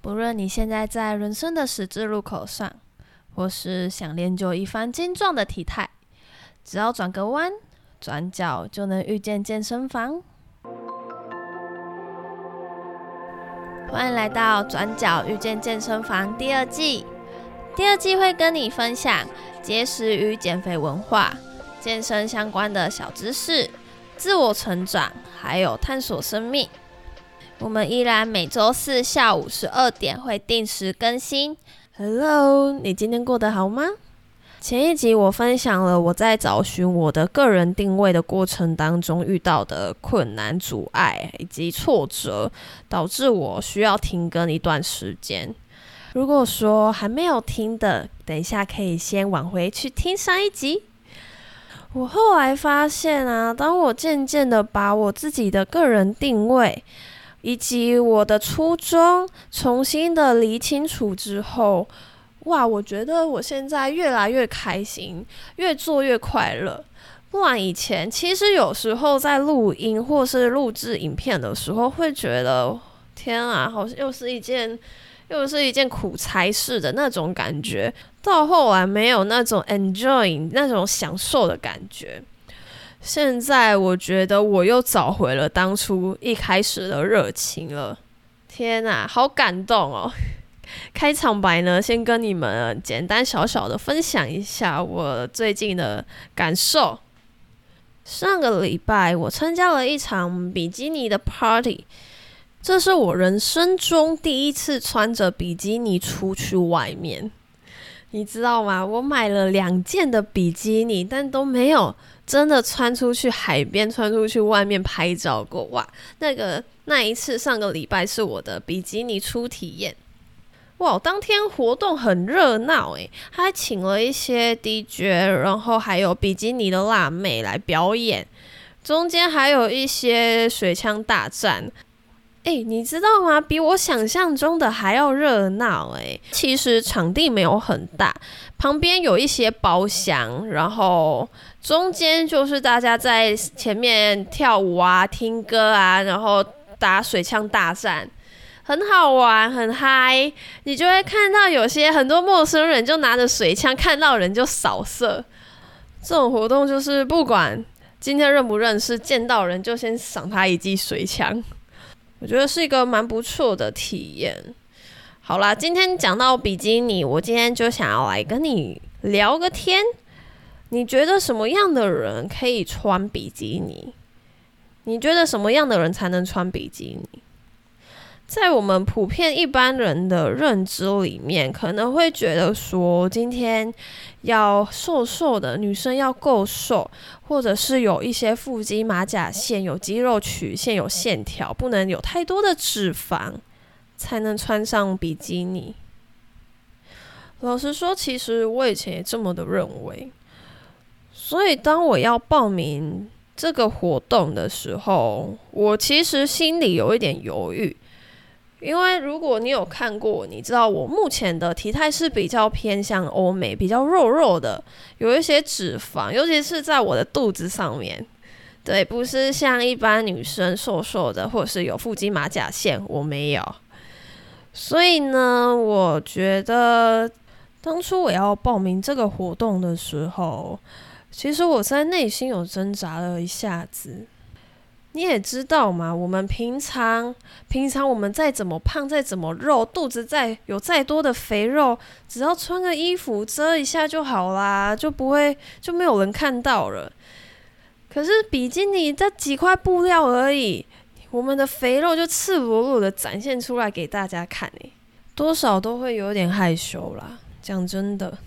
不論你現在在人生的十字路口上，或是想練就一番精壯的體態，只要轉個彎，轉角就能遇見健身房。歡迎來到《轉角遇見健身房》第二季。第二季會跟你分享節食與減肥文化、健身相關的小知識、自我成長，還有探索生命。我們依然每周四下午十二點會定時更新。Hello，你今天過得好嗎？前一集我分享了我在找尋我的個人定位的過程當中遇到的困難、阻礙以及挫折，導致我需要停更一段時間。如果說還沒有聽的，等一下可以先往回去聽上一集。我後來發現啊，當我漸漸地把我自己的個人定位，以及我的初衷重新的理清楚之後，哇，我覺得我現在越來越開心，越做越快樂。不然以前其實有時候在錄音或是錄製影片的時候，會覺得天啊，好像又是一件又是一件苦差事的那種感覺。到後來沒有那種 enjoy 那種享受的感覺。現在我覺得我又找回了當初一開始的熱情了，天哪，好感動哦！開場白呢，先跟你們簡單小小的分享一下我最近的感受。上個禮拜我參加了一場比基尼的 party，這是我人生中第一次穿着比基尼出去外面。你知道嗎？我買了兩件的比基尼，但都沒有真的穿出去海邊，穿出去外面拍照過。哇，那個那一次上個禮拜是我的比基尼初體驗。哇，當天活動很熱鬧，誒，他還請了一些 DJ，然後還有比基尼的辣妹來表演，中間還有一些水槍大戰。哎、欸，你知道嗎？比我想象中的還要熱鬧哎！其實場地沒有很大，旁邊有一些包廂，然後中間就是大家在前面跳舞啊、聽歌啊，然後打水槍大戰，很好玩，很嗨。你就會看到有些很多陌生人就拿着水槍，看到人就掃射。這種活動就是不管今天認不認識，見到人就先賞他一記水槍。我覺得是一個蠻不錯的體驗。好啦，今天講到比基尼，我今天就想要來跟你聊個天。你覺得什麼樣的人可以穿比基尼？你覺得什麼樣的人才能穿比基尼？在我們普遍一般人的認知裡面，可能會覺得說今天，要瘦瘦的，女生要夠瘦，或者是有一些腹肌、馬甲線、有肌肉曲線、有線條，不能有太多的脂肪，才能穿上比基尼。老實說，其實我以前也這麼的認為。所以，當我要報名這個活動的時候，我其實心裡有一點猶豫。因為如果你有看過，你知道我目前的體態是比較偏向歐美，比較肉肉的，有一些脂肪，尤其是在我的肚子上面。對，不是像一般女生瘦瘦的，或者是有腹肌馬甲線，我沒有。所以呢，我覺得當初我要報名這個活動的時候，其實我在內心有掙扎了一下子。你也知道嘛，我們平常平常，我們再怎麼胖，再怎麼肉，肚子再有再多的肥肉，只要穿個衣服遮一下就好啦，就不會就沒有人看到了。可是比基尼這幾塊布料而已，我們的肥肉就赤裸裸的展現出來給大家看，多少都會有點害羞啦。講真的，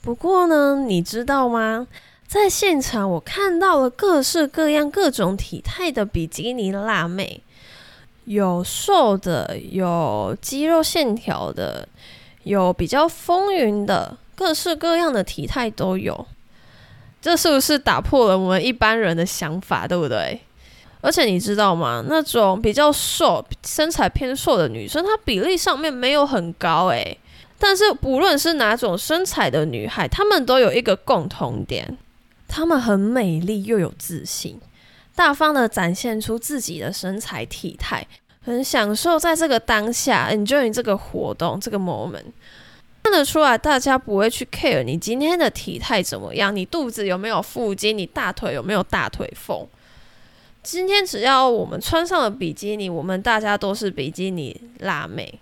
不過呢，你知道嗎？在現場，我看到了各式各樣、各種體態的比基尼辣妹，有瘦的，有肌肉線條的，有比較豐腴的，各式各樣的體態都有。這是不是打破了我們一般人的想法，對不對？而且你知道嗎？那種比較瘦、身材偏瘦的女生，她比例上面沒有很高誒、欸。但是不論是哪種身材的女孩，她們都有一個共同點。他們很美麗又有自信，大方地展現出自己的身材體態，很享受在這個當下，enjoying 這個活動這個 moment。看得出來，大家不會去 care 你今天的體態怎麼樣，你肚子有沒有腹肌，你大腿有沒有大腿縫。今天只要我們穿上了比基尼，我們大家都是比基尼辣妹。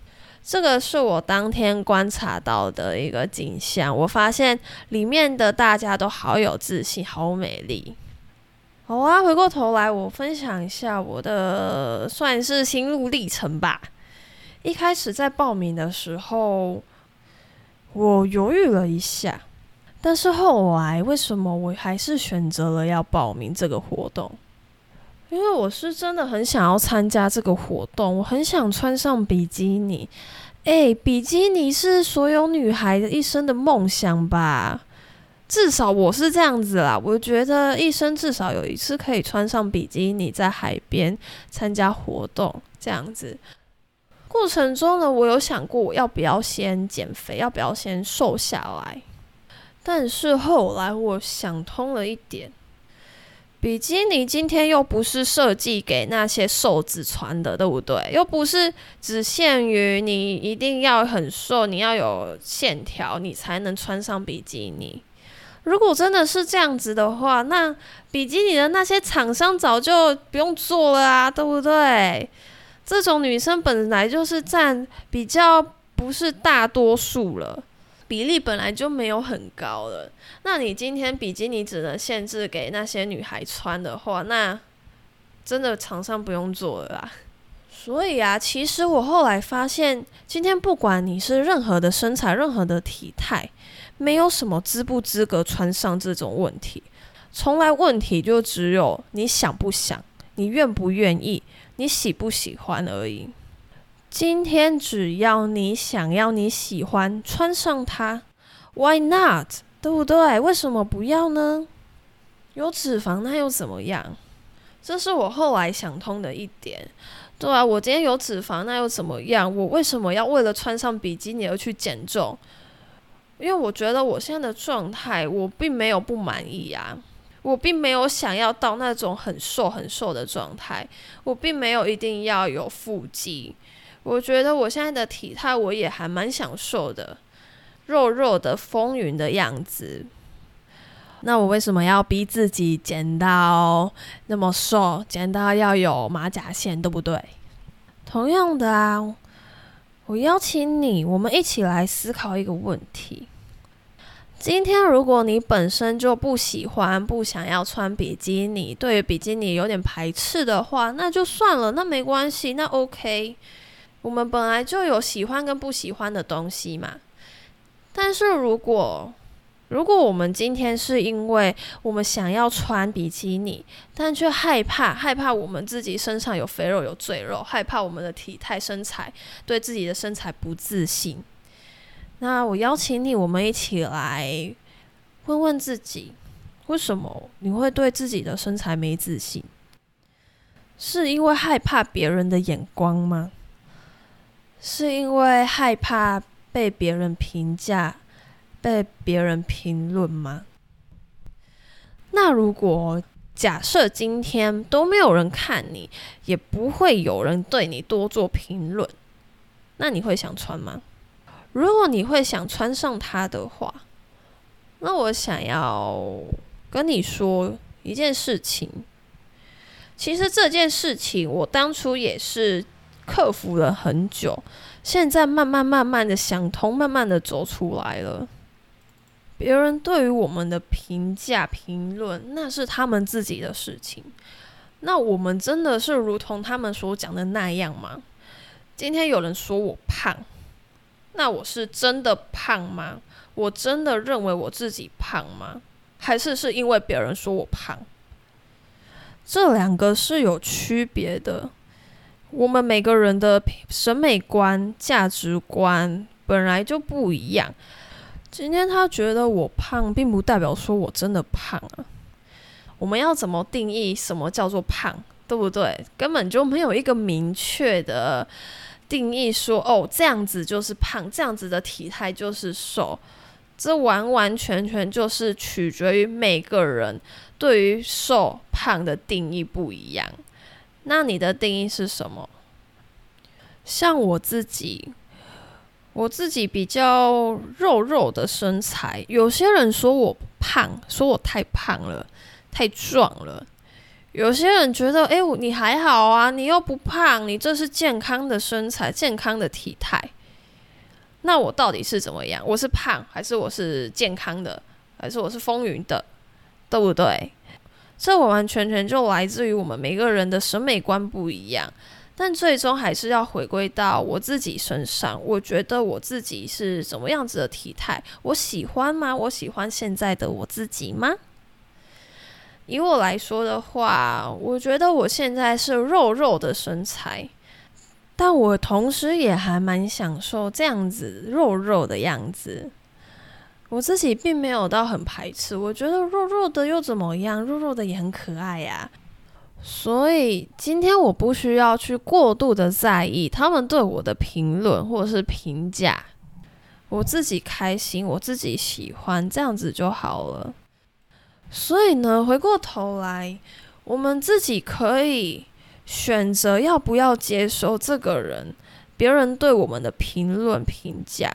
這個是我當天觀察到的一個景象，我發現裡面的大家都好有自信，好美麗。好啊，回過頭來，我分享一下我的算是心路歷程吧。一開始在報名的時候，我猶豫了一下，但是後來為什麼我還是選擇了要報名這個活動？因為我是真的很想要參加這個活動，我很想穿上比基尼。誒、欸，比基尼是所有女孩一生的夢想吧？至少我是這樣子啦。我覺得一生至少有一次可以穿上比基尼，在海邊參加活動這樣子。過程中呢，我有想過我要不要先減肥，要不要先瘦下來。但是後來我想通了一點。比基尼今天又不是設計給那些瘦子穿的，對不對？又不是只限於你一定要很瘦，你要有線條，你才能穿上比基尼。如果真的是這樣子的話，那比基尼的那些廠商早就不用做了啊，對不對？這種女生本來就是佔比較不是大多數了。比例本來就沒有很高了，那你今天比基尼只能限制給那些女孩穿的話，那真的廠商不用做了啦。所以啊，其實我後來發現，今天不管你是任何的身材、任何的體態，沒有什麼資不資格穿上這種問題，從來問題就只有你想不想、你願不願意、你喜不喜歡而已。今天只要你想要，你喜歡穿上它，Why not？對不對？為什麼不要呢？有脂肪那又怎麼樣？這是我後來想通的一點。對啊，我今天有脂肪那又怎麼樣？我為什麼要為了穿上比基尼而去減重？因為我覺得我現在的狀態，我並沒有不滿意啊，我並沒有想要到那種很瘦很瘦的狀態，我並沒有一定要有腹肌。我覺得我現在的體態，我也還蠻享受的，肉肉的、豐腴的樣子。那我為什麼要逼自己減到那麼瘦，減到要有馬甲線，對不對？同樣的啊，我邀請你，我們一起來思考一個問題。今天如果你本身就不喜歡、不想要穿比基尼，對於比基尼有點排斥的話，那就算了，那沒關係，那 OK。我們本來就有喜歡跟不喜歡的東西嘛，但是如果，如果我們今天是因為我們想要穿比基尼，但卻害怕、害怕我們自己身上有肥肉、有贅肉，害怕我們的體態身材、對自己的身材不自信，那我邀請你，我們一起來問問自己，為什麼你會對自己的身材沒自信？是因為害怕別人的眼光嗎？是因為害怕被別人評價、被別人評論嗎？那如果假設今天都沒有人看你，也不會有人對你多做評論，那你會想穿嗎？如果你會想穿上它的話，那我想要跟你說一件事情。其實這件事情，我當初也是。克服了很久，現在慢慢慢慢的想通，慢慢的走出來了。別人對於我們的評價評論，那是他們自己的事情。那我們真的是如同他們所講的那樣嗎？今天有人說我胖，那我是真的胖嗎？我真的認為我自己胖嗎？還是是因為別人說我胖？這兩個是有區別的。我們每個人的審美觀、價值觀本來就不一樣。今天他覺得我胖，並不代表說我真的胖啊。我們要怎麼定義什麼叫做胖，對不對？根本就沒有一個明確的定義，說哦這樣子就是胖，這樣子的體態就是瘦。這完完全全就是取決於每個人對於瘦胖的定義不一樣。那你的定義是什麼？像我自己，我自己比較肉肉的身材，有些人說我胖，說我太胖了，太壯了。有些人覺得，哎、欸，你還好啊，你又不胖，你這是健康的身材，健康的體態。那我到底是怎麼樣？我是胖，還是我是健康的，還是我是豐腴的，對不對？這完完全全就來自於我們每個人的審美觀不一樣，但最終還是要回歸到我自己身上。我覺得我自己是什麼樣子的體態，我喜歡嗎？我喜歡現在的我自己嗎？以我來說的話，我覺得我現在是肉肉的身材，但我同時也還蠻享受這樣子肉肉的樣子。我自己並沒有到很排斥，我覺得弱弱的又怎麼樣，弱弱的也很可愛呀。所以今天我不需要去過度的在意他們對我的評論或者是評價，我自己開心，我自己喜歡這樣子就好了。所以呢，回過頭來，我們自己可以選擇要不要接受這個人，別人對我們的評論評價。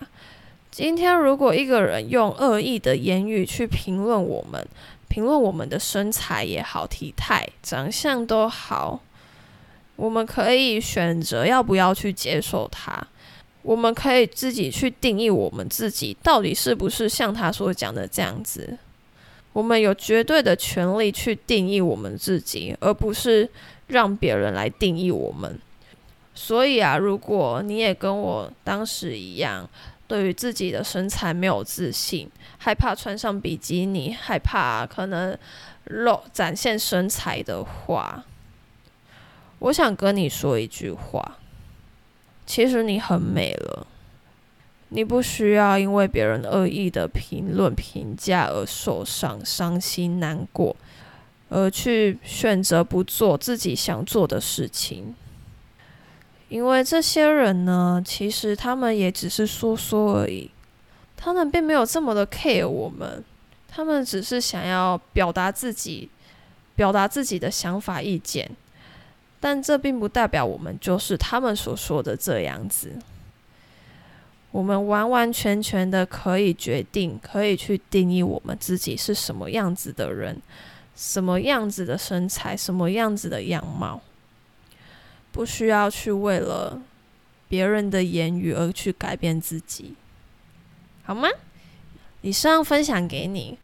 今天，如果一個人用惡意的言語去評論我們，評論我們的身材也好、體態、長相都好，我們可以選擇要不要去接受他。我們可以自己去定義我們自己到底是不是像他所講的這樣子。我們有絕對的權利去定義我們自己，而不是讓別人來定義我們。所以啊，如果你也跟我當時一樣，對於自己的身材沒有自信，害怕穿上比基尼，害怕、啊、可能露展現身材的話，我想跟你說一句話：其實你很美了，你不需要因為別人惡意的評論、評價而受傷、傷心、難過，而去選擇不做自己想做的事情。因為這些人呢，其實他們也只是說說而已，他們並沒有這麼的 care 我們，他們只是想要表達自己，表達自己的想法、意見，但這並不代表我們就是他們所說的這樣子。我們完完全全的可以決定，可以去定義我們自己是什麼樣子的人，什麼樣子的身材，什麼樣子的樣貌。不需要去為了別人的言語而去改變自己，好嗎？以上分享給你，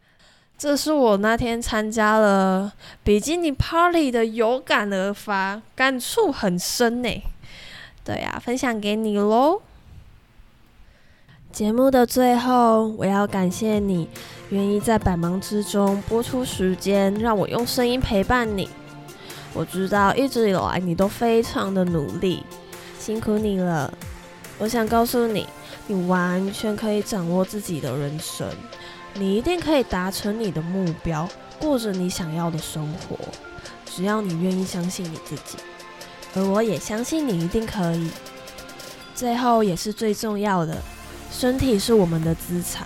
這是我那天參加了比基尼 party 的有感而發，感觸很深呢。對呀，啊，分享給你嘍。節目的最後，我要感謝你願意在百忙之中撥出時間，讓我用聲音陪伴你。我知道一直以來你都非常的努力，辛苦你了。我想告訴你，你完全可以掌握自己的人生，你一定可以達成你的目標，過着你想要的生活。只要你願意相信你自己，而我也相信你一定可以。最後也是最重要的，身體是我們的資產，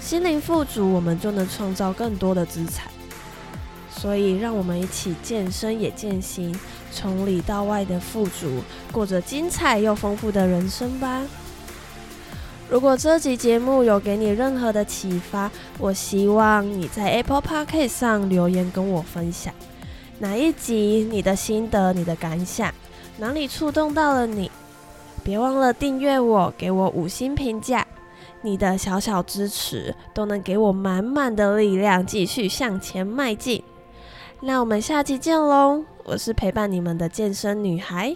心靈富足，我們就能創造更多的資產。所以，讓我們一起健身也健心，從裡到外的富足，過着精彩又豐富的人生吧。如果這集節目有給你任何的啟發，我希望你在 Apple Podcast 上留言跟我分享哪一集你的心得、你的感想，哪裡觸動到了你。別忘了訂閱我，給我五星評價。你的小小支持都能給我滿滿的力量，繼續向前邁進。那我們下期見嘍！我是陪伴你們的健身女孩。